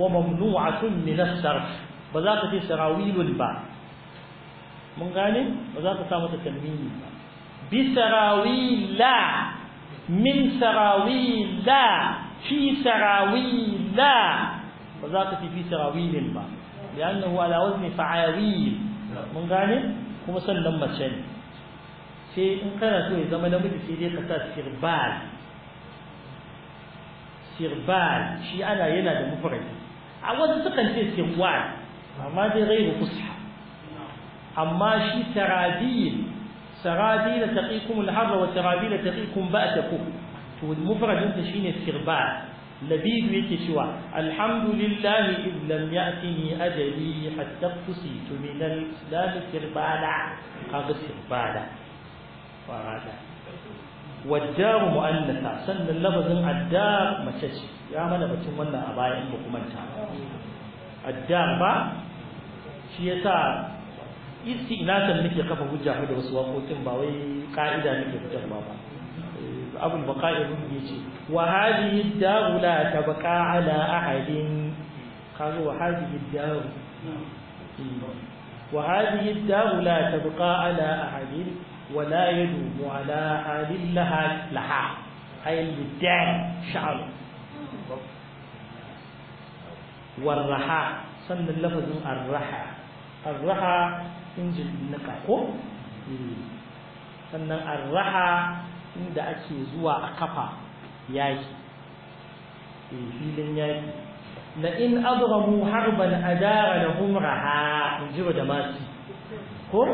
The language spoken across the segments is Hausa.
وممنوعة من الصرف بذاك في سراويل الباء من غالي بذاك سامة تنمين بسراويل من سراويل لا في سراويل لا بذاك في سراويل الباء لأنه على وزن فعاويل من هو كما سلم شن في إن كان توي زمان لم تسيري قتال سيربال سيربال شي أنا ينادي مفرد a wasu sukan ce sikwan amma dai ghairu fusha amma shi sarabil sarabil taqikum al-harra wa sarabil taqikum ba'takum to mufradin ta shine sirbal لبيب يكشوا الحمد لله إذ لم يأتني أجلي حتى اقتسيت من الإسلام سربالا قد سربالا ورادا wajjaru mu'annasa sannan lafazin adda mace ya mana batun wannan a bayan ba kuma ta adda ba shi yasa isi ina san nake kafa hujja da wasu wakokin ba wai ka'ida nake fitar ba ba eh, abu baqa'i ibn yace wa hadhihi ad-daru la ala ahadin kazo ولا يدوم على حال لها لها أي الدان شعر والرحى سن اللفظ الرحى الرحى injin nika ko sannan arraha inda ake zuwa a kafa yaki filin yaki Da in azramu harban adara lahum raha da masu ko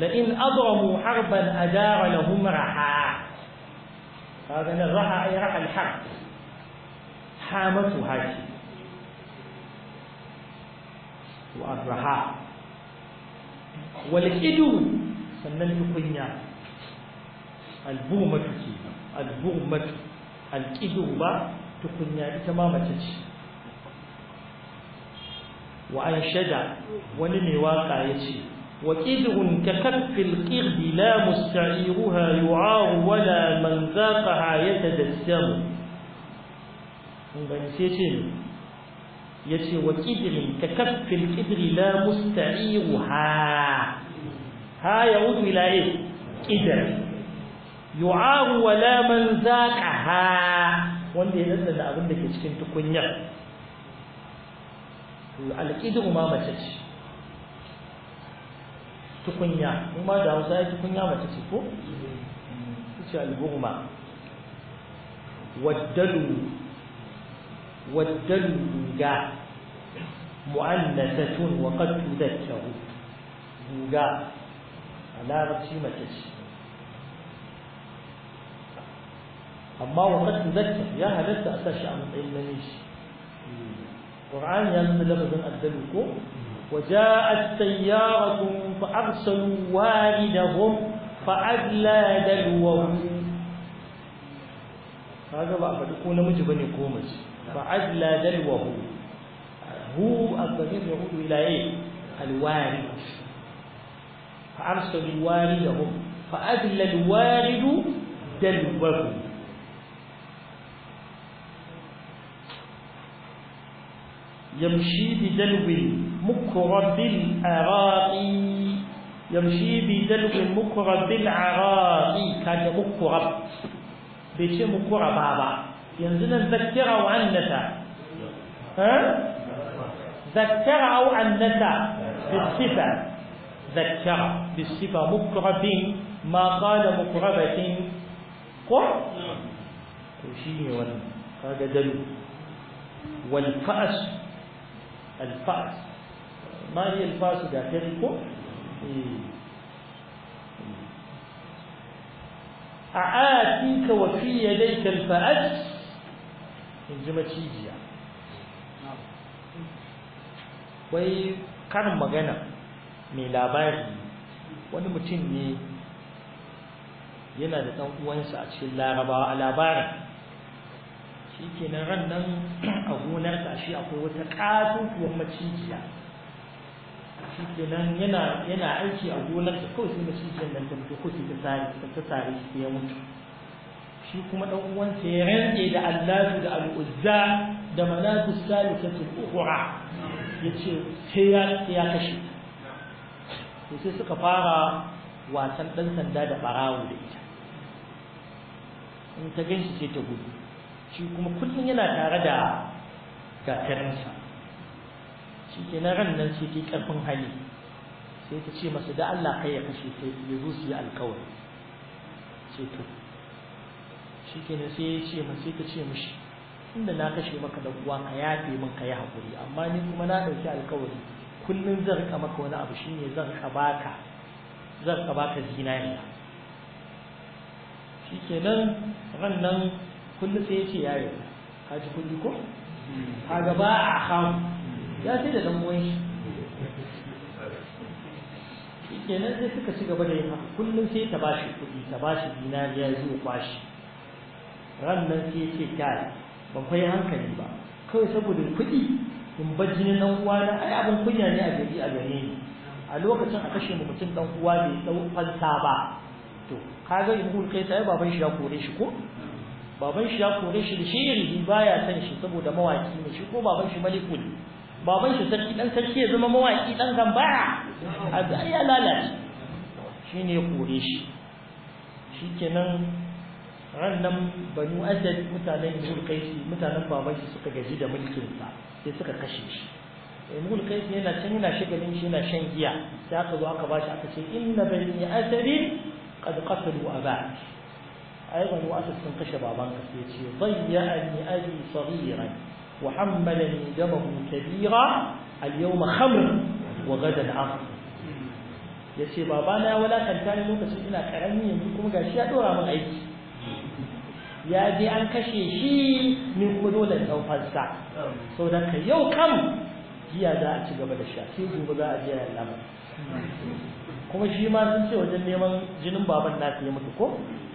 la in adramu harban ajara lahum raha kaga nan raha ay raha al harb hamatu hashi wa raha wal idu sannan tukunya al burmatu ke al burmatu al idu ba tukunya ita ma mace ce wa an wani mai waka ya ce وكدر ككف القرد لا مستعيرها يعار ولا من ذاقها يتدسم yace wa kidrin ka kaffil kidri la musta'iruha ha ya'udu ila eh kidr yu'aru wa la man ha. wanda ya danda da abin da ke cikin tukunyar to al-kidru ma mace ce tukunya in ma da hausa ya tukunya mace ce ko ce al-bughma waddalu waddalu ga mu'annasatun wa qad tudakkaru ga a larabci mace ce amma wa qad tudakkar ya halatta a tashi a matsayin namiji Qur'an ya nuna lafazin addalu ko وجاءت سيارة فأرسلوا واردهم فأدلى دلوهم هذا بقى فتقول نمج بني كومس فأدلى دلوه هو الضمير يعود إلى إيه؟ الوارد فأرسلوا واردهم فأدلى الوارد دلوه يمشي بدلو مكر بالعراق يمشي بدلو مكر بالعراق كان مكر بيش مكر بابا ينزل ذكر أو أنثى ها ذكر أو أنثى بالصفة ذكر بالصفة مكر ما قال مكربة قر وشيني ولا هذا دلو والفأس الفأس ma hiya alfasu ga tari ko a'atika wa fi yadayka alfa'at in ji macijiya wai karin magana mai labari wani mutum ne yana da ɗan uwansa a cikin larabawa a labarin shi ke kenan ran nan a gonar shi akwai wata ƙatutuwar macijiya shi kenan yana yana aiki a gonar sa kawai sai mace ce nan ko sai ta tsari ta ya mutu shi kuma dan uwansa ya rantse da Allah da al da manatu salisatu ukhra yace sai ya ya kashe to sai suka fara wasan dan sanda da barawo da ita in ta ganshi sai ta gudu shi kuma kullun yana tare da kakarsa shi ke na ran nan sai ta ƙarfin hali sai ta ce masa da Allah kai ya kashe ta ya zo su yi alkawari ce to shi ke sai ya ce masa sai ta ce mishi inda na kashe maka da uwa ka yafe min ka yi haƙuri amma ni kuma na ɗauki alkawari kullum zan riƙa maka wani abu shine zan riƙa baka zan riƙa baka zinariya shi ke ran nan kullum sai ya ce ya yi ka ji kulli ko hmm. ka gaba ba a hamu ya sai da dan shi kenan sai suka ci gaba da yin haka kullum sai ta bashi kuɗi ta bashi dinariya ya zo kwashi ran nan sai ce kai ban kai hankali ba kawai saboda kuɗi in ba jinin dan uwana ai abin kunya ne a gari a gare ni a lokacin a kashe mu mutum dan uwa bai dau fansa ba to in hul kai sai baban shi ya kore shi ko baban shi ya kore shi da shi ne baya san shi saboda mawaki ne shi ko baban shi malikul baban shi sarki dan sarki ya zama mawaki dan gambara a ya lalace shine ya kore shi shikenan ran nan banu asad mutanen ibul kaisi mutanen baban shi suka gaji da mulkin sa sai suka kashe shi ibul kaisi yana can yana shagalin shi yana shan giya sai aka zo aka bashi aka ce inna bani asad qad qatalu abak ai banu asad sun kashe baban ka sai ce zayyani abi saghiran وحملني دمه كبيرا اليوم خمر وغدا عصر yace babana ya walakanta ni lokacin ina karami yanzu kuma gashi ya dora min aiki ya je an kashe shi ni kuma dole in dau fansa saboda ka yau kam jiya za a ci gaba da sha sai gobe za a je ya lama kuma shi ma sun ce wajen neman jinin baban na ya mutu ko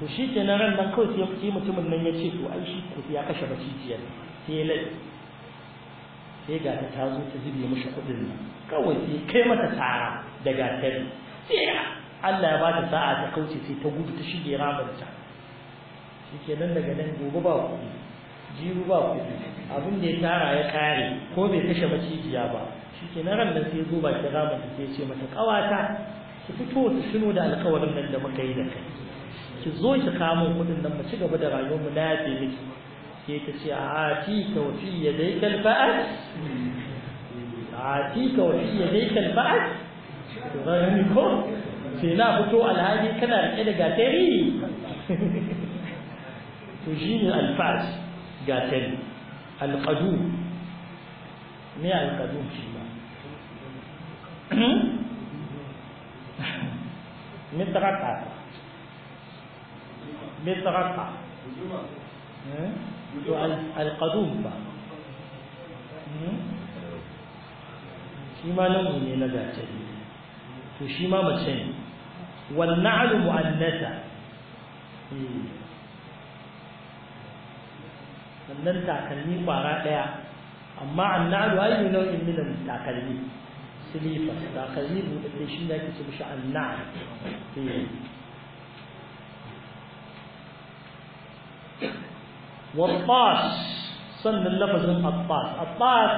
to shi ke ran nan kawai sai mutumin nan ya ce to ai shi ya kashe baciciyar sai ya sai ga ta zo ta zube mishi kuɗin nan kawai sai kai mata tsara da gatari sai Allah ya bata sa'a ta kauce sai ta gudu ta shige ke shikenan daga nan gobe ba kuɗi jiru ba kuɗi abin da ya tara ya kare ko bai kashe macijiya ba shikenan ran nan sai zo bakin ramarta sai ce mata kawata ki fito ki shino da alkawarin nan da muka yi da kai ki zo ki kamo kuɗin nan mu ci gaba da rayuwar mu lafiya miki sai ta ce atika wa fi yadayka al-ba'as atika wa fi yadayka al-ba'as to ga ni ko sai na fito alhaji kana rike da gatari to shine alfas gatari alqadum me alqadum shi ba mitraka mitraka to alƙadun ba shi ma nan ne na gatari to shi ma mace ne wannan alu mu'annata eh. sannan takalmi kwara ɗaya amma annalu ayi nau'in min takalmi silifas takalmi buɗe shi da ake ce mishi annal eh. والطاس sannan lafazin abbas abbas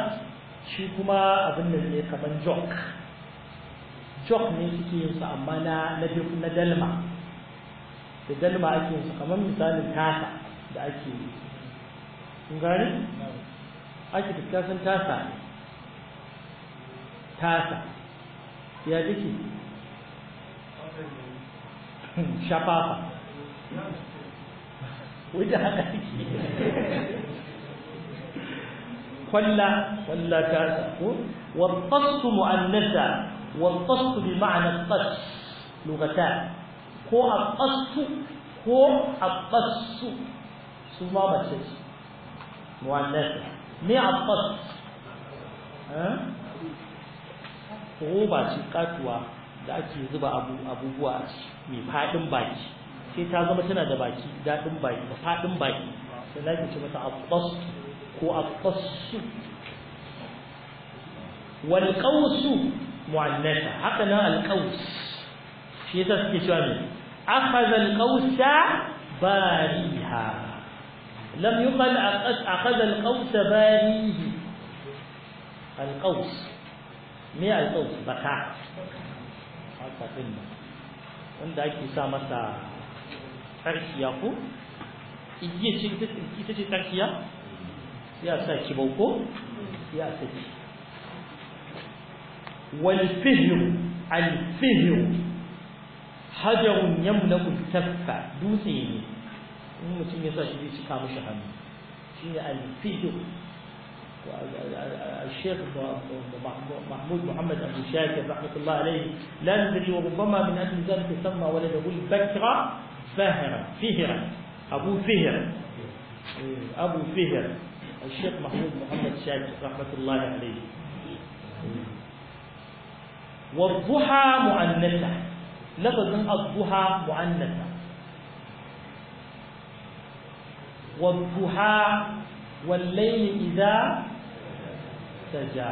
shi kuma abin da ne kaman jok jok ne suke yin su amma na dalma da dalma ake kaman misalin tasa da ake yi kun gani ake tattasan tasa tasa ya jiki shafafa wajen haka suke kwalla kwalla ta sako wattasu mu'annasa wattasu bi ma'ana tas lugata ko a abbasu ko a abbasu su ma mace ce mu'annasa me Ko ba shi katuwa da ake zuba abubuwa a ciki mai faɗin baki sai ta zama tana da baki dadin baki da faɗin baki sai laifi ce mata abbasu ko abbasu wal qaws mu'annatha haka nan al qaws shi ta suke cewa ne akhadha al qawsa bariha lam yuqal akhadha al qawsa barihi al qaws me al qaws baka haka din wanda ake sa masa tsarkiya ko igiya ce ita ce tsarkiya sai a sa kibau ko sai a saki wal fihru al fihru hajarun yamlaku tafka dutse ne in mutum ya sa shi zai cika mishi hannu shine al fihru الشيخ محمود محمد أبو شاكر رحمة الله عليه لا ندري وربما من أجل ذلك سمى ولده البكرة فهرة فهرة أبو فهرة أبو فهرة الشيخ محمود محمد شاكر رحمة الله عليه والضحى مؤنثة لفظ الضحى مؤنثة والضحى والليل إذا سجى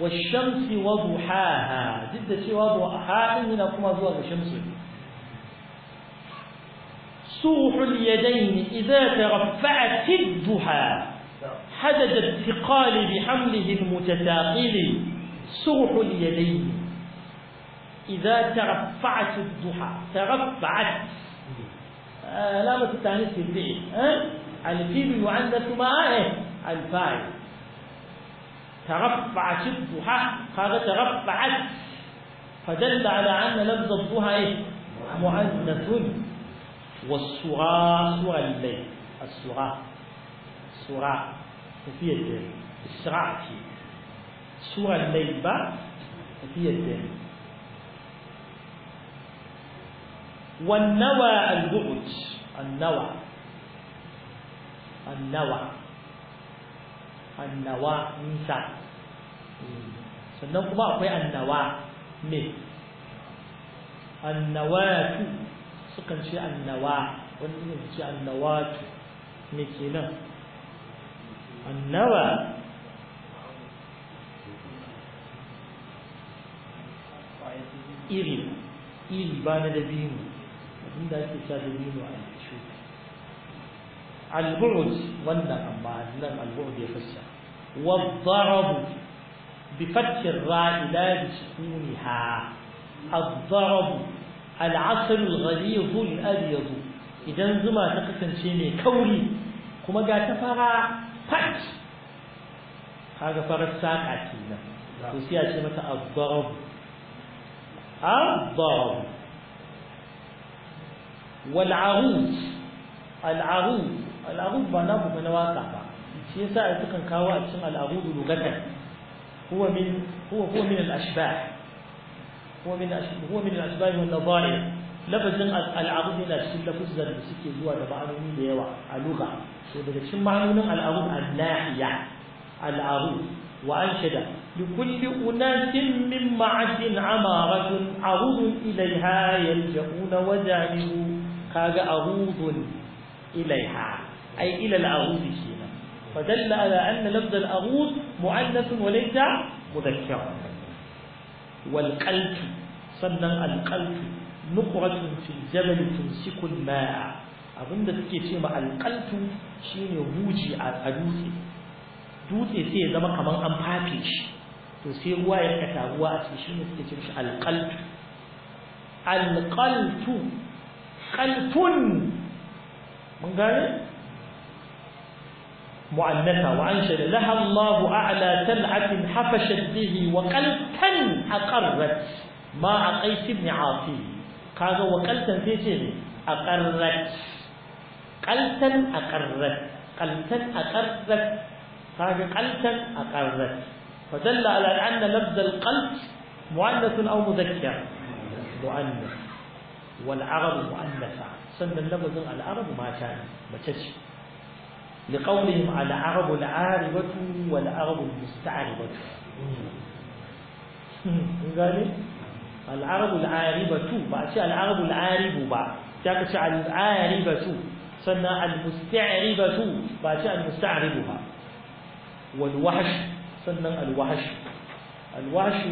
والشمس وضحاها جد شيء وضحاها من أقوم زوا الشمس صوح اليدين إذا ترفعت الضحى حدد الثقال بحمله المتثاقل سرح اليدين إذا ترفعت الضحى ترفعت آه ما التانيث في الفعل أه؟ الفيل يعنث مع الفاعل ترفع الضحى قال ترفعت فدل على أن لفظ الضحى إيه؟ مؤنث والسرى صغى الليل السرى صغى وفي الليل السرى في الليل با وفي الليل والنوى البعد النوى النوى النوى سعد sannan kuma akwai annawa me annawatu sukan ce annawa wani ne ce annawatu me kenan annawa iri iri ba na dabino inda ake sa biyu a yanzu al-bu'd wannan amma nan al ya fassa wa darabu بفتح الراء لا بسكونها الضرب العسل الغليظ الأبيض إذا زما تقسم شيء كوري كما قال تفرع فت هذا فرق ساعة كينا وسيا شيء متى الضرب الضرب والعروس العروس العروس بنابو بنواقع شيء ساعة تكن كوا اسم العروس لغة هو من هو هو من الأشباه هو من هو من الأشباه والنظائر lafazin yana cikin lafuzan da suke zuwa da ma'anoni da yawa a lugha to daga cikin ma'anonin al'arud al-nahiya al'arud wa anshada li kulli unasin min ma'atin amaratun arudun ilaiha yaljauna wa kaga arudun ilaiha ai ila al'arud فدل على أن لفظ الأغوث مؤنث وليس مذكرا والقلب صنع القلب نقرة في الجبل تمسك الماء أظن ذلك يسمى القلب شيء يوجي على الدوثي دوثي سيء زمان كمان أمباكيش تسير واي كتابوا أسيشين تسيرش القلب القلب قلب من قال مؤنثة وأنشد لها الله أعلى سلعة حفشت به وقلتا أقرت ما قيس بن عاصي قال وقلتا في شيء أقرت قلتا أقرت قلتا أقرت قال قلتا أقرت فدل على أن لفظ القلب مؤنث أو مذكر مؤنث والعرب مؤنثة سن اللفظ العرب ما كان متشف لقولهم العرب العاربة والعرب المستعربة العرب العاربة بعد العرب العارب بعد العاربة سنة المستعربة بعد المستعربة والوحش سنة الوحش الوحش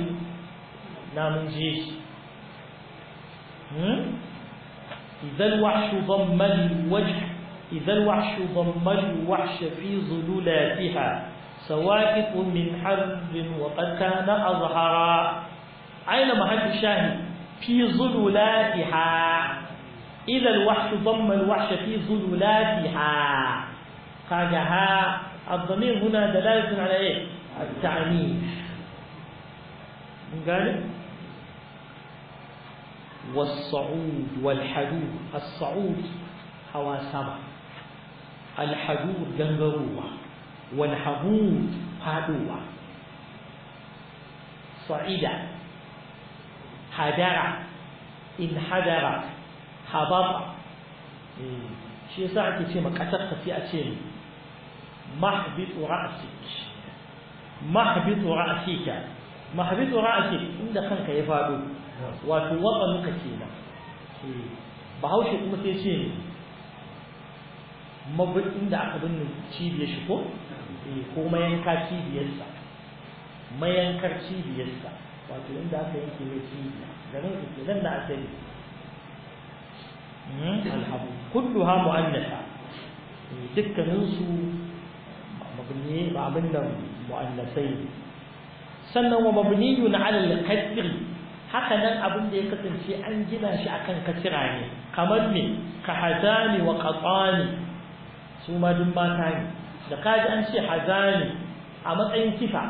نعم جيش إذا الوحش ضم الوجه إذا الوحش ضم الوحش في ظلولاتها سواكف من حرب وقد كان أظهرا أين محل الشاهد في ظلولاتها إذا الوحش ضم الوحش في ظلولاتها قالها الضمير هنا دلالة على إيه التعنيف قال والصعود والحدود الصعود هوا alhajur gangarowa walhamud faɗowa sa'ida hadara in hadara hababa hmm. shi yasa ake ce ma ƙasar ka sai a ce mahbitu ra'sik mahbitu ra'sika mahbitu ra'sik inda kanka ya faɗo wato ce kenan hmm. bahaushe kuma sai ce Mabuɗin da aka binne cibiyar shi ko eh, ko mayanka cibiyarsa mayankar cibiyarsa wato inda aka yanke mai cibiya garin su ke nan da asali hmm? alhabu kullu ha mu'annasa eh, dukkaninsu mabni ba abin da mu'annasai sannan wa mabniyun ala al-qadri haka nan abin da ya kasance an gina shi akan kasira ne kamar me ka hazani wa qatani su ma duk mata ne da kaji an ce hazani a matsayin sifa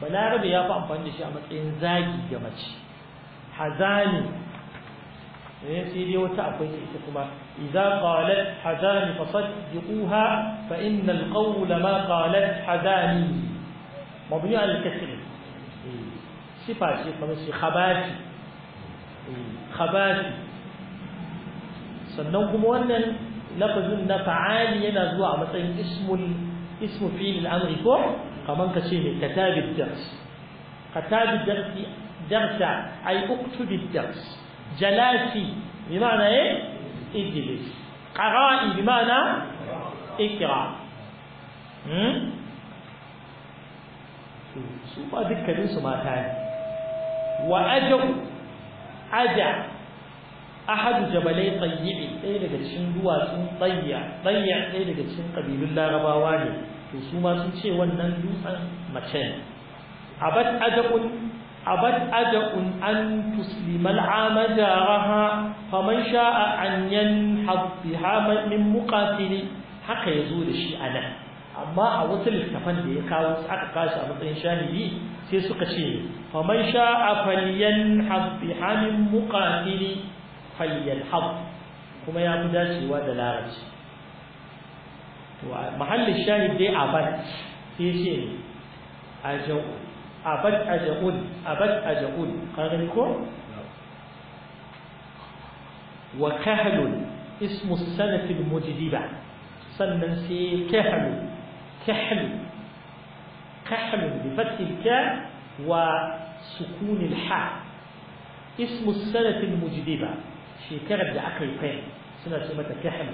balarabe ya fi amfani da shi a matsayin zagi ga mace hazani ne eh, sai dai wata akwai ita kuma idza qalat hazani fasaddiquha fa inna alqawl ma qalat hazani mabni al kasr eh, sifa ce kuma shi khabati eh, khabati sannan kuma wannan lafazin na fa'ali yana zuwa a matsayin ismul ismu fi'il al-amri ko kaman ka ce mai katabid dars katabid darsi darsa ay uktubid dars jalasi bima'ana eh ijlis qara'i bima'ana ikra hmm su ba dukkanin su mata ne wa ajau aja ahadu jabalai tsayyi'i ɗaya daga cikin duwatsun tsayya tsayya ɗaya daga cikin ƙabilun larabawa ne to su ma sun ce wannan dutsen mace ne abad ada'un abad ada'un an tuslima al'ama jaraha faman sha'a an yanhabbiha min muqatili haka ya zo da shi a nan amma a wasu littafan da ya kawo aka kashi a matsayin shahidi sai suka ce faman sha'a falyanhabbiha min muqatili falyalhaq kuma ya fi dacewa da larabci to mahallin shahid dai abad sai ce ne ajau abad ajaul abad ajaul kan ko wa kahlun ismu sanatil mujdiba sannan sai kahlun kahlun كحل بفتح الكاف وسكون الحاء اسم السنة المجدبة shekarar da aka yi kai suna ce mata kahal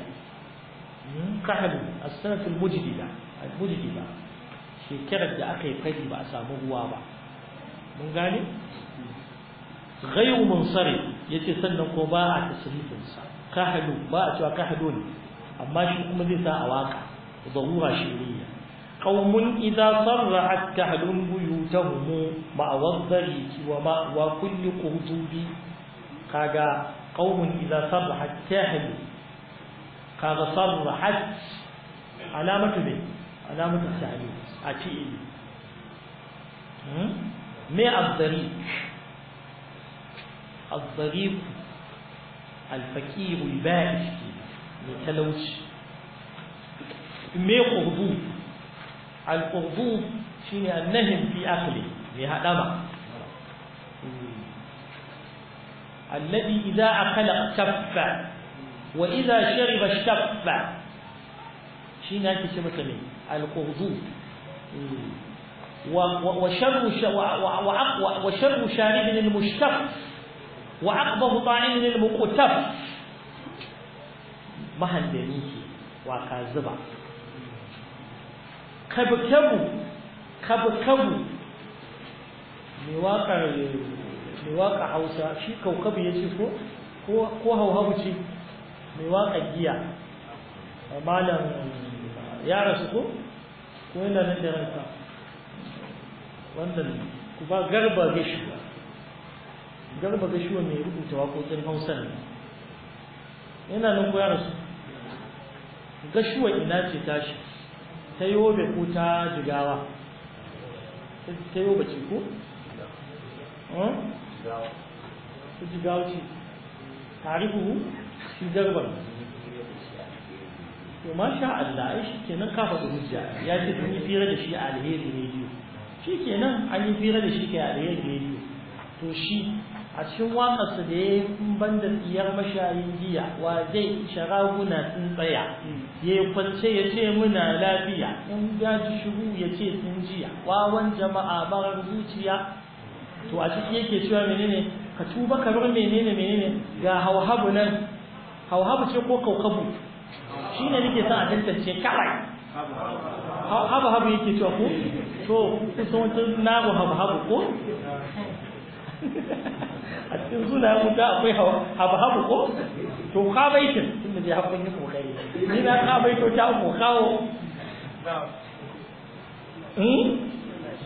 hmm, kahal a sanatul mujdida al-mujdida shekarar da aka yi fari ba a samu ruwa ba mun gane mun ghayru ya ce sannan ko ba a tasrifin sa kahalu ba a cewa kahalo ne amma shi kuma zai sa a waka ya. shiriya idan idza sarra'at kahalun buyutahum ma'a wadhari wa ma wa kulli qutubi kaga qaumun idza sarrahat tahiyu kaga sarrahat alamatu ne alamatu tahiyu a fi'ili me azzariq azzariq البائس من تلوش مي قرضوب القرضوب النهم في أكله مي هدما الذي إذا أكل اكتف وإذا شرب اشتف شيء أنت سمتني القرضوب وشر وشر شارب المشتف وأقبض طاعم المقتف ما ke وكاذبا كبكبو كبكبو kabkabu mai waƙar mai waka hausa shi kaukabu ya ce ko hauhabu ce mai waka giya malam ya rasu ko ko yana nan da ranka wannan ku ba garba gashuwa garba gashuwa mai rubuta waƙoƙin hausa ne yana nan ko ya rasu gashuwa ina ce tashi ta yobe ko ta jigawa ta yobe ce ko hmm? su jigawa ce tarihu shi zarbar to Allah ai kenan kafa da ya ce kun yi fira da shi a alheri ne shi kenan an yi fira da shi kai alheri ne biyu to shi a cikin waƙarsa da ya yi ban da tsiyar mashayin giya wa zai sharaguna sun tsaya ya kwance ya ce muna lafiya in gaji shigo ya ce jiya wawan jama'a barar zuciya to a ciki yake cewa menene ka tuba ka bar menene menene ga hauhabu nan hauhabu ce ko kaukabu shi ne nake sa a tantance kawai hauhabu habu yake cewa ko to kusa wancan na habu habu ko a cikin suna mutu akwai habu habu ko to ka baitin tun da je haɓun yi kokari ni na ka baito ta ko kawo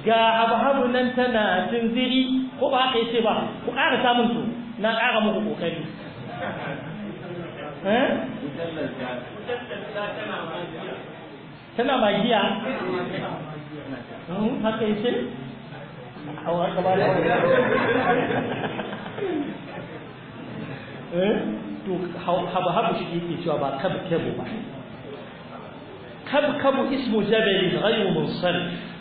ga abu nan tana tunziri ko ba yi ce ba ku ƙara samun su na ƙara muku ƙoƙari. Eh? tana magiya hmm, haka ce eh? to habu shi yake cewa ba kebu ba kabu kabu ismu jabal ghayru munsarif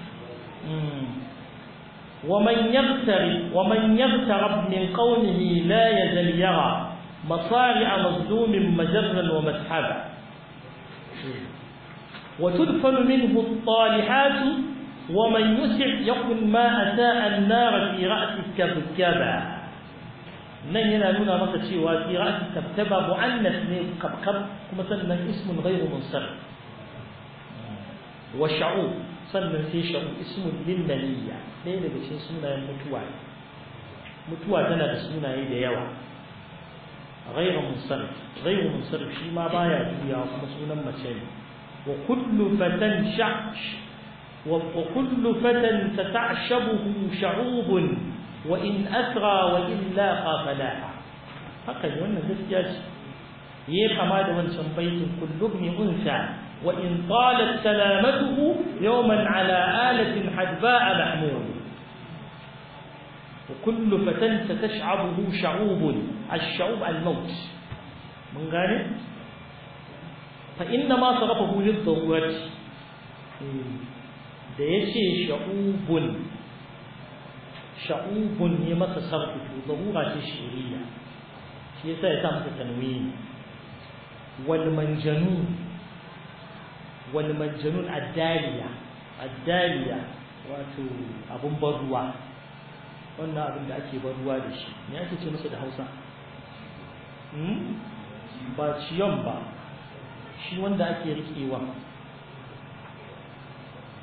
ومن يغترب ومن يغترب من قومه لا يزل يرى مصارع مصدوم مجرا ومسحبا وتدفن منه الطالحات ومن يسع يقل ما أساء النار في رأس كبكبا من yana nuna maka cewa راس كبكبا tabtaba mu'annas ne kabkab kuma اسم غير ghayru munsar sannan sai shi ismu lil maliya dai da cikin sunayen mutuwa mutuwa غير مصرف غير مصرف شي ما بايع دنيا مسؤولا مسؤولا وكل فتى شعش وكل فتى تتعشبه شعوب وان اثرى وإن لاقى فقد وانا بس جاش يا كما دون سمبيت كل ابن انثى وان طالت سلامته يوما على اله حدباء محمول وكل ف ستشعبه شعوب الشعوب الموت من غالب فانما إ ن م ا صرفه ل ل شعوب شعوب هي ما تصرفه ضروره ر هي سيتم التنوين والمنجنون wal manjanun addariya, addaliya wato abun barruwa wannan abin da ake barruwa da shi me ake ce masa da Hausa hmm? ba ciyon ba shi wanda ake rikewa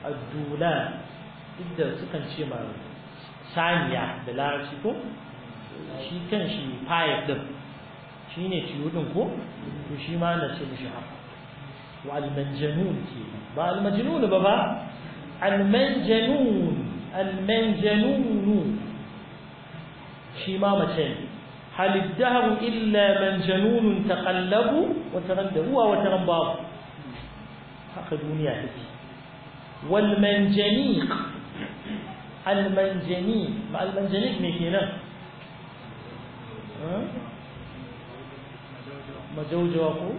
addula inda sukan ce ma saniya da larabci ko shi kan shi fayar din shi ne ciyo ko to shi ma na ce mishi haka والمنجنون كيما با المجنون بابا المنجنون المنجنون شيما مثل هل الدهر الا منجنون تقلب وتغلب هو وتغلب حق الدنيا والمنجنيق المنجنيق ما المنجنيق مكينا ها مجوجو اكو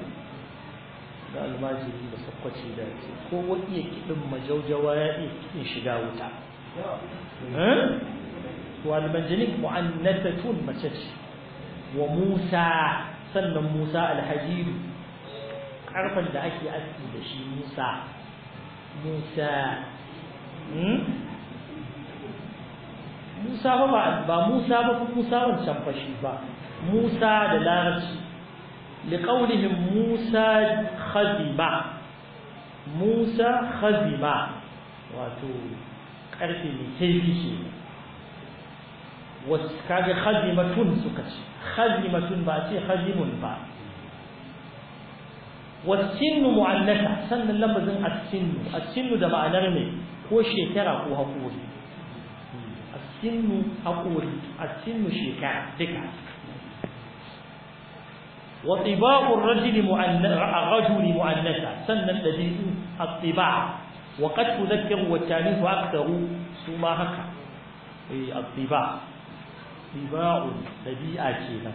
da almajiri da sakwaci da ke kowa iya kiɗin majaujawa ya iya kiɗin shiga wuta wa eh? almajinik mu'annatatun mace ce wa musa sannan musa alhajiru karfan da ake aski da shi musa musa hmm? musa ba ba musa ba fa musa wancan fashi ba musa da larabci لقولهم موسى خزما موسى خزما واتو كارفي ميتيفي وكاجة خزمة سكتش خزمة باتي خزم با والسن معنثة سن لفظ السن السن ده معنى ne ko shekara ko hakuri السن hakuri السن shekara duka wa tiba'ur rajuli mu'annas mu'annasa sannan dabi'u at-tiba' wa qad tudhakkaru wa tanifu aktharu su ma haka eh at-tiba' tiba'u dabi'a kenan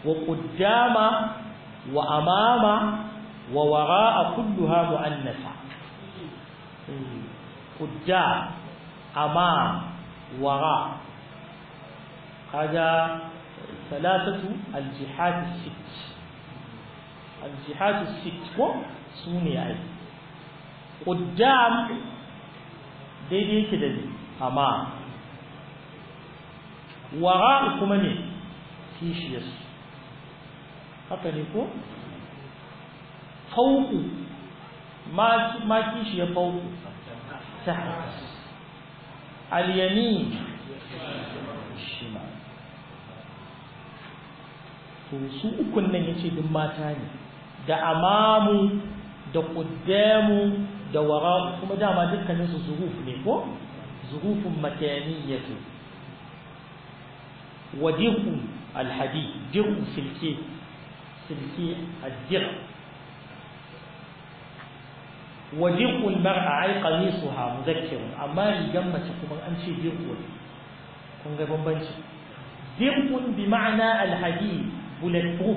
wa qaddama wa salatatu aljihad sit aljihad sit ko sune ai qaddam daidai yake da amma wara kuma ne kishiyas haka ne ko fauku ma kishiyar fauku ta al-yamin shimal to su ukun nan yace duk mata ne da amamu da quddamu da wara kuma dama dukkanin su zuhuf ne ko zuhufun makaniyatu wa dir'u alhadi dir'u silki, silki addir'u wa dir'u almar'a ay qamisuha muzakkir amma rigan mace kuma an ce dir'u kun ga bambanci dir'u bi ma'ana alhadi bullet proof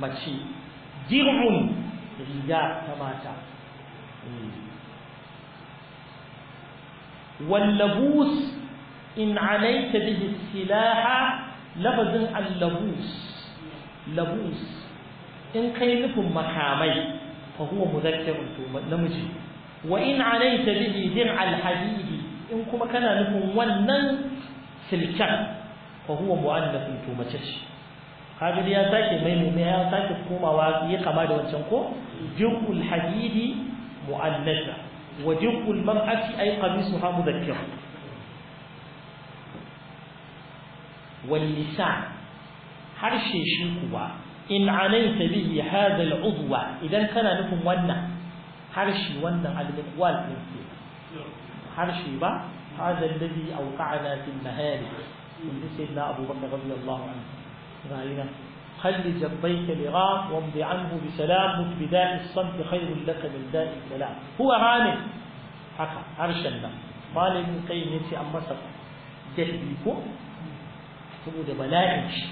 mace dir'un riga ta mata hmm. wallabus in alaita bihi silaha lafazin allabus labus in kai nufin makamai fa huwa muzakkirun to namiji wa in alaita bihi dir'al hadidi in kuma kana nufin wannan silkan fa huwa mu'annafun to mace ce kaga ya sake mai mai ya sake komawa ya kama da wancan ko jirqul hadidi mu'annatha wa jirqul mar'ati ay qamisuha mudhakkar wal lisan harshe shi kuwa in anaita bihi hadha al udwa idan kana nufin wannan harshe wannan al wal harshe ba هذا الذي أوقعنا في النهار من سيدنا أبو بكر رضي الله عنه رأينا خل جبيك لغام وامض عنه بسلام بداء الصمت خير لك من داء السلام هو رامي haka harshen nan malamin kai ne sai an masa jalbi ko saboda bala'in shi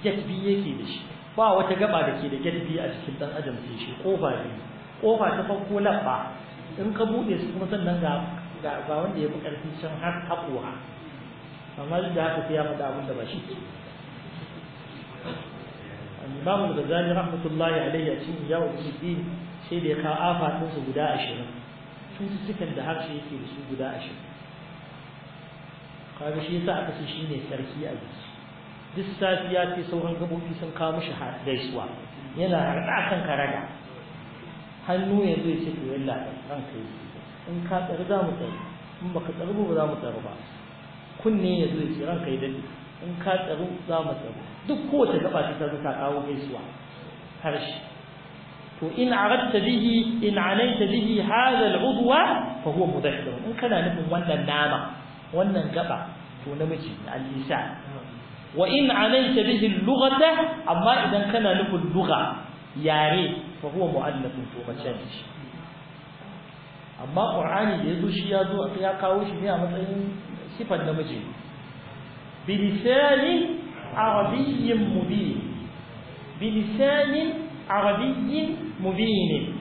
yake da shi ba wata gaba da ke da jalbi a cikin dan adam sai shi kofa ne kofa ta farko labba in ka bude su kuma sannan ga Da ba wanda ya fi ƙarfi can har haƙura amma da haka sai ya faɗa abin da ba shi ke da Ghazali rahmatullahi alayhi a cikin Yawm al sai da ya kawo afatin su guda 20 cututtukan da harshe yake da su guda ashirin. kaga shi yasa aka ce ne sarki a jiki duk safiya sai sauran gabobi sun kawo mishi gaisuwa yana harɗa kan karaga hannu yanzu ya ce to yalla ranka yi in ka tsari za mu tsari in baka tsari ba za mu tsari ba kunne ya zo ya ce ranka ya dade in ka tsaru za mu tsari duk kowace gaba ta tsari ta kawo gaisuwa harshe to in aradta bihi in anaita bihi hadha al'udwa fa huwa mudakkar in kana nufin wannan nama wannan gaba to namiji al-lisan wa in anaita bihi al-lughata amma idan kana nufin lugha yare fa huwa mu'allafun to mace ne amma qur'ani da yazo shi yazo ya kawo shi ne a matsayin sifar namiji lisani arabiyyin mubin bi lisani arabiyyin mubin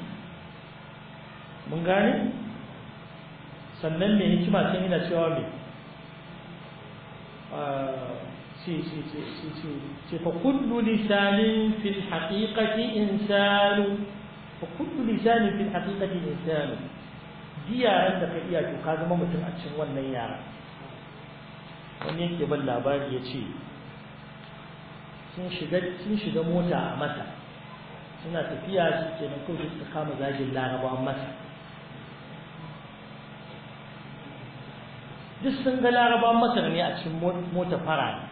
mun gane sannan me ne hikima ce ina cewa me fa kullu فكل fil haqiqati insanu fa kullu لسان fil haqiqati insanu diyaran da ka iya to ka zama mutum a cikin wannan yara wani yake ban labari ya ce sun shiga mota a masa suna tafiya su ke nan kawai su kama zagin larabawan masa duk sun ga larabawan masar ne a cikin mota fara ne.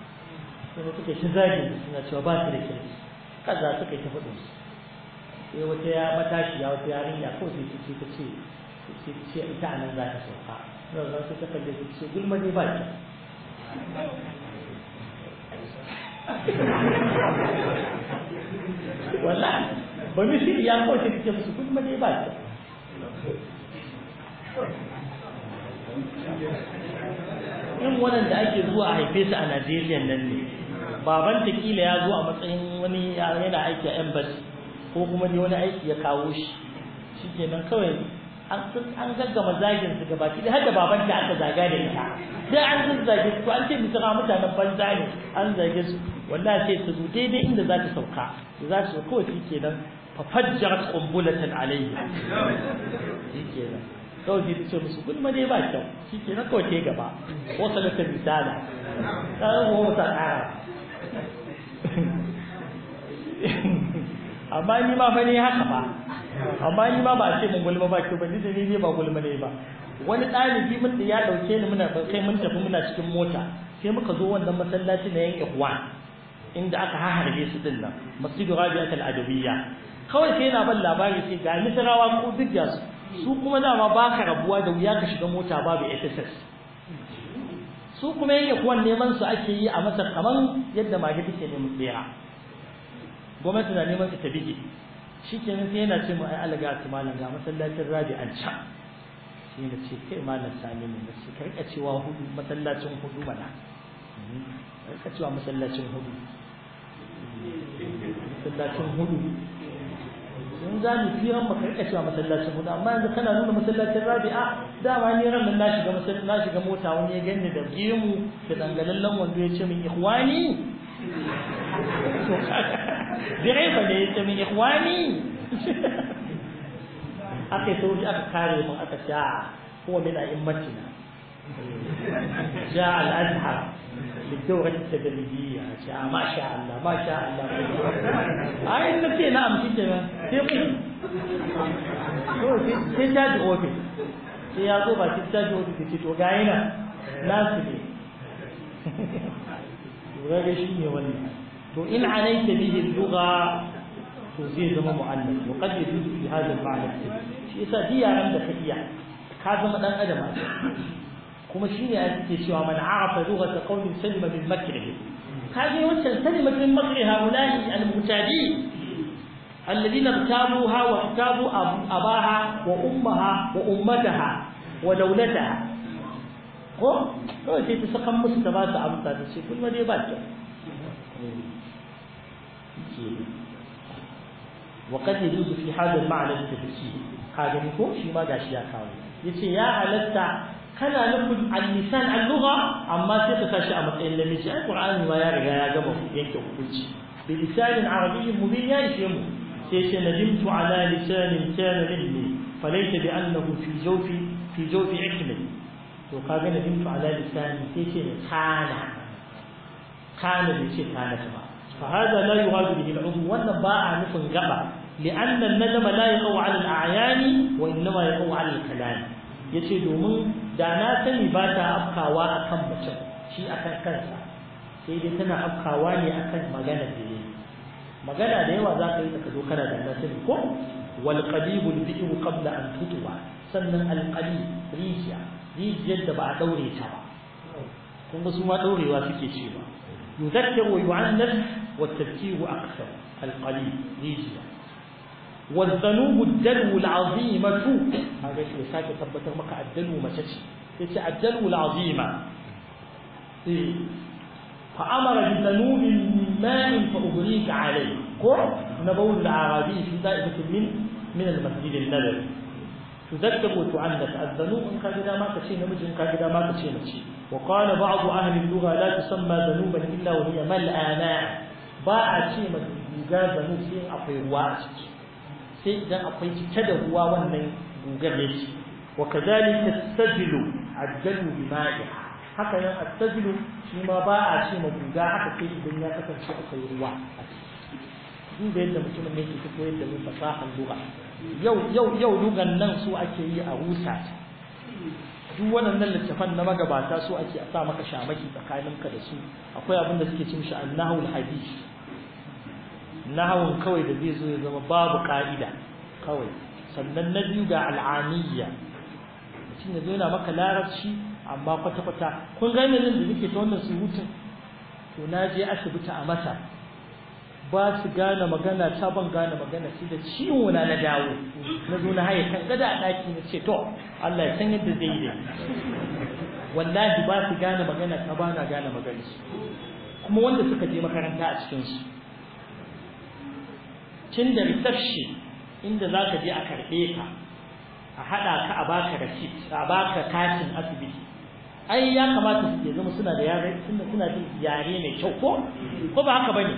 sai suka shi zagin suna cewa ba su da kirki kaza suka yi ta faɗin su sai wata ya matashi ya wata yarinya kawai sai ta ce nan za ta sauka su ba wala ba shi ya da in waɗanda ake zuwa a haife su a Najeriya nan ne baban ta kila ya zo a matsayin wani yana aiki a embassy ko kuma ne wani aiki ya kawo shi kenan kawai an gaggama zagin su gabaki da hadda baban da aka zaga da ita da an zage su an ce misira mutanen banza ne an zage su wallahi sai su zo daidai inda za ta sauka za su kawai shi kenan fafajjarat qumbulatan alayhi shi nan. kawai shi ce musu gulma dai ba kyau shi nan kawai ke gaba ko da ta misala ta mu wata ƙara amma ni ma fa ne haka ba amma ni ma ba a ce mun gulma ba ke ba ni da ni ba gulma ne ba wani ɗalibi mun ya ɗauke ni muna kai mun tafi muna cikin mota sai muka zo wannan masallaci na yan ihwan inda aka haharbe su din nan masjidu rabi'at al-adawiyya kawai sai yana ban labari sai ga misrawa ko dukkan su su kuma dama ba ka rabuwa da wuya ka shiga mota babu SSS su kuma yan ihwan neman su ake yi a masar kaman yadda mage ke neman tsira gwamnati na neman ta bige shi ke nufi yana ce mu ai alaga su malam ga masallacin rabi an can shi ne ce kai malam sami ne na ce karka cewa hudu masallacin hudu mana karka cewa masallacin hudu masallacin hudu in za mu fi ran baka rika cewa masallacin hudu amma yanzu kana nuna masallacin rabi'a dama ne ran na shiga masallacin na shiga mota wani ya ganni da gemu da dangalallen wando ya ce min ikhwani dire ba da yake min aka kare mu aka sha kuma bi da immati na sha al-azhar bi dawra Allah ma Allah ai in nake na amshi ke ba sai ko sai ta ji sai ya zo ba sai ta ji sai to ga yana to in alaita bihi lugha to zai zama mu'allaf yuqaddis fi hadha al-ma'na shi yasa duk yaran da ka iya ka zama dan adam kuma shi shine ake cewa man arafa lughata qaumin salima min makrihi kaje wancan salima min makrihi haula'i al-mutadi alladhina tabuha wa tabu abaha wa ummaha wa ummataha wa dawlataha ko to sai ta saka musu ta ba su amsa ta ce kullum dai ba ta Waƙashe duhu shi har zan ba a ya kawo. kana na kun annisa alluha amma sai ka sa a matsayin lamici. Al-Qur'an ma ya riga ya gama yanke uku ci. Da isayin armi mu biyar shemu sai sai na dutse alali sanin tana ni ne, bi annabu su yi fi ɗakin rai. To kaga na dutse alali sai sai na tsada. kana da ce kana ba fa hada la yuradu bihi al-udhu wannan ba a nufin gaba li'anna an-nadama la yaqau 'ala al-a'yani wa innama yaqau 'ala al-kalam yace domin da na sani ba ta afkawa akan mutum shi akan kansa sai dai tana afkawa ne akan magana da yayi magana da yawa za ka yi ka zo kana da na sani ko wal qalib al-bi'u qabla an tutwa sannan al rijiya rijiyar da ba a daure ta ba kun ga su ma daurewa suke cewa يذكر ويعنف والتذكير أكثر القليل نيجيا والذنوب الدلو العظيمة هذا شيء ساكت ثبت مقع الدلو ما تشي إيه، يتي الدلو العظيمة إيه، فأمر بذنوب من ماء فأغريك عليه قر نبول العربي في دائرة من من المسجد النبوي to zaddabo to annaka azzanubin ka gida maka ce namijin ka gida maka ce mace wa qala ba'd ahli lugha la tusamma zanuban illa wa hiya mal'ana ba a ce mace guga zanu sai akwai ruwa a ciki sai idan akwai cike da ruwa wannan gugar ne ce wa kadhalika tastajilu azzanu bima'iha haka nan azzanu shi ma ba a ce mace guga haka sai idan ya kasance akwai ruwa a ciki duba yadda mutumin ne ke koyar da mai fasahar lugha yau yau yau lugan nan su ake yi a rusa duk waɗannan littafan na magabata su ake sa maka shamaki tsakaninka da su akwai abin da suke cin shi annahul hadith nahawun kawai da zai zo ya zama babu ka'ida kawai sannan na biyu ga al'aniyya mutum ya zo yana maka larabci amma kwata-kwata kun gane nan da nake ta wannan surutun to na je asibiti a masa ba su gane magana ta ban gane magana shi da ciwo na na dawo na zo na haye kan gada a ɗaki na ce to Allah ya san yadda zai yi wallahi ba su gane magana ta ba na gane magana su kuma wanda suka je makaranta a cikin su cin da tafshi, inda za ka je a karɓe ka a haɗa ka a baka rashid a baka katin asibiti ai ya kamata su zama suna da yare suna da yare mai kyau ko ko ba haka bane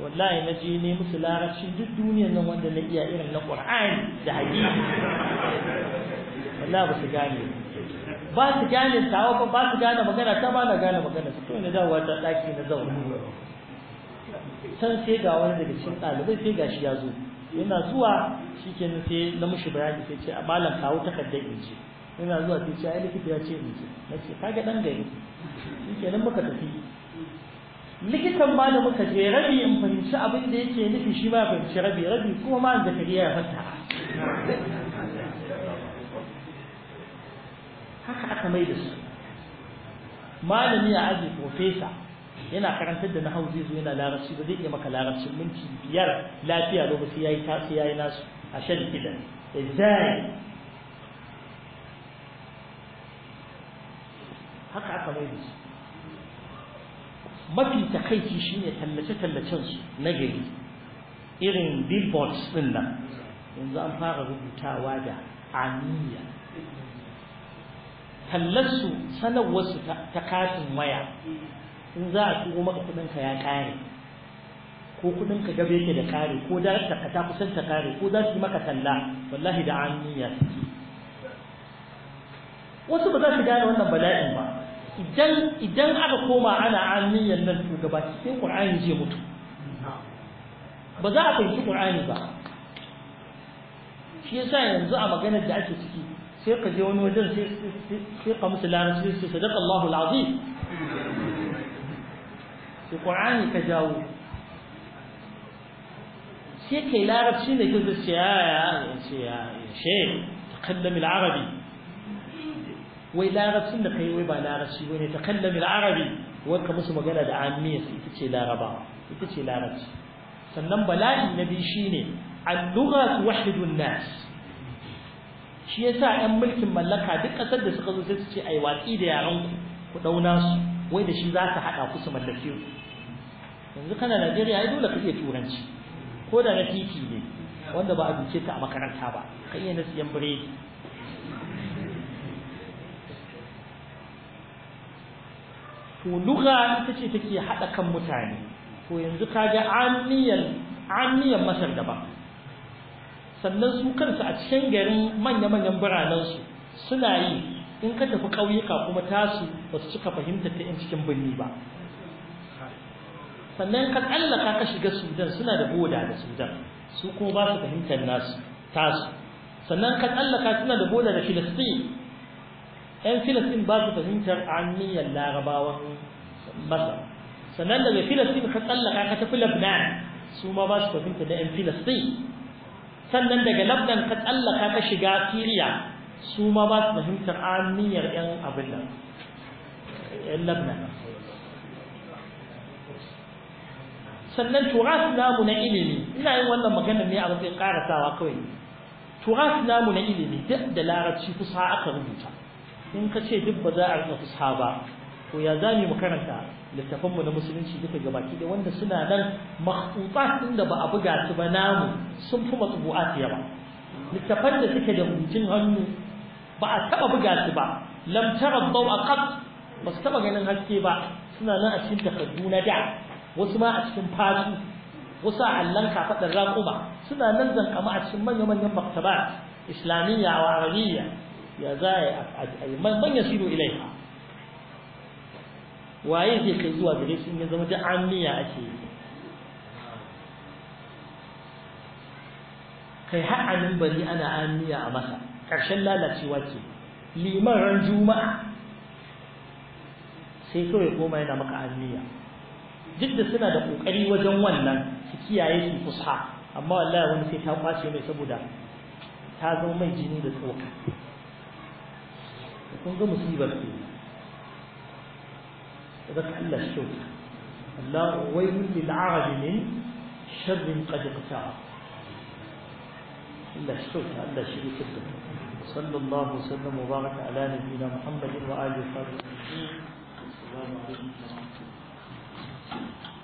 wallahi na je ne musu larabci duk duniyar nan wanda na iya irin na qur'ani da hadisi wallahi ba su gane ba su gane tawa ba ba su gane magana ta ba na gane magana su to ne dawowa ta ɗaki na zauna san sai ga wani daga cikin ɗalibai sai gashi ya zo yana zuwa shikenan sai na mushi bayani sai ce a malam kawo takardar in ce yana zuwa sai ce a yi likita ya ce in ce nace kaga ɗan gari shikenan muka tafi likitan ma da muka je rabi in fahimci abin da yake nufi shi ma fahimci rabi rabi kuma ma da kariya ya fata haka aka mai da su malami a aji profesa yana karantar da nahawu zai zo yana larabci ba zai iya maka larabcin minti biyar lafiya lokaci yayi tasi yayi nasu a shan kidan ازاي haka aka mai da su mafi takaici shine tallace-tallacen su na gari irin billboards din nan yanzu an fara rubutawa da aniya tallarsu sanarwarsu ta katin waya in za a turo maka kudinka ya kare ko kudinka gaba yake da kare ko da ta kusan ta kare ko za su yi maka talla wallahi da aniya suke wasu ba za su gane wannan bala'in ba idan aka koma ana aniyan nan to cikin ƙur'ani zai mutu ba za a fahimci ƙur'ani ba shi yasa yanzu a maganar da ake ciki sai ka je wani wajen sai ka musu larabci sai sadaqa Allahu al sai ƙur'ani ka jawo sai kai larabci ne ka zuciya ya ce ya arabi wai larabcin da kai wai ba larabci wai ne takallami arabi wai ka musu magana da amiyya ita ce laraba ita ce larabci sannan bala'i na biyu shine al-lugha tuwahidu nas shi yasa yan mulkin mallaka duk kasar da suka zo sai su ce ai watsi da yaran ku ku dauna su wai da shi za ka haɗa ku su mallake ku yanzu kana Najeriya ai dole ka iya turanci ko da na titi ne wanda ba a duke ta a makaranta ba ka iya na siyan biredi to lugha ita ce take hada kan mutane to yanzu kaga aniyan aniyan masar da ba. sannan su kansu a cikin garin manya-manyan su suna yi in ka tafi kauyuka kuma tasu ba su cika fahimtar ta in cikin birni ba sannan ka tsallaka ka shiga sudan suna da boda da sudan su kuma ba su fahimtar nasu tasu sannan ka tsallaka suna da boda da filistin 'yan filistin ba su fahimtar aniyar larabawan masar sannan daga filistin ka tsallaka ka tafi labnan su ma ba su fahimta da 'yan filistin sannan daga labnan ka tsallaka ka shiga siriya su ma ba su fahimtar aniyar 'yan abin nan 'yan labnan sannan turas namu na ilimi ina yin wannan magana ne a matsayin karasawa kawai turas namu na ilimi duk da larabci kusa aka rubuta in ka ce duk ba za a rika fusha ba to ya zami mu karanta mu na musulunci duka gabaki da wanda suna nan makhtutat din da ba a buga su ba namu sun fi matbu'at yawa littafan da suke da rubutun hannu ba a taba buga su ba lam tara dawa qat ba su taba ganin haske ba suna nan a cikin takardu na da wasu ma a cikin fatu wasu a allan kafaɗar raƙuma suna nan zankama a cikin manya-manyan maktabat islamiyya wa arabiyya ya za a yi manyan ya ilaiha waye zai kai zuwa gare shi ya zama an amiya ake yi kai ha'anin bari ana amiya a masa ƙarshen lalacewa ke liman ran juma'a sai kawai goma yana maka amiya duk da suna da ƙoƙari wajen wannan su kiyaye su kusa amma wallahi wani sai ta kwace mai saboda ta zama mai jini da tsoka ان جو مصیبت تھی ادھر اللہ شکر اللہ ویل للعاجل شر قد اقتعد الا الشوكة الا شريك الدنيا صلى الله وسلم وبارك على نبينا محمد وآله وصحبه أجمعين السلام عليكم ورحمة الله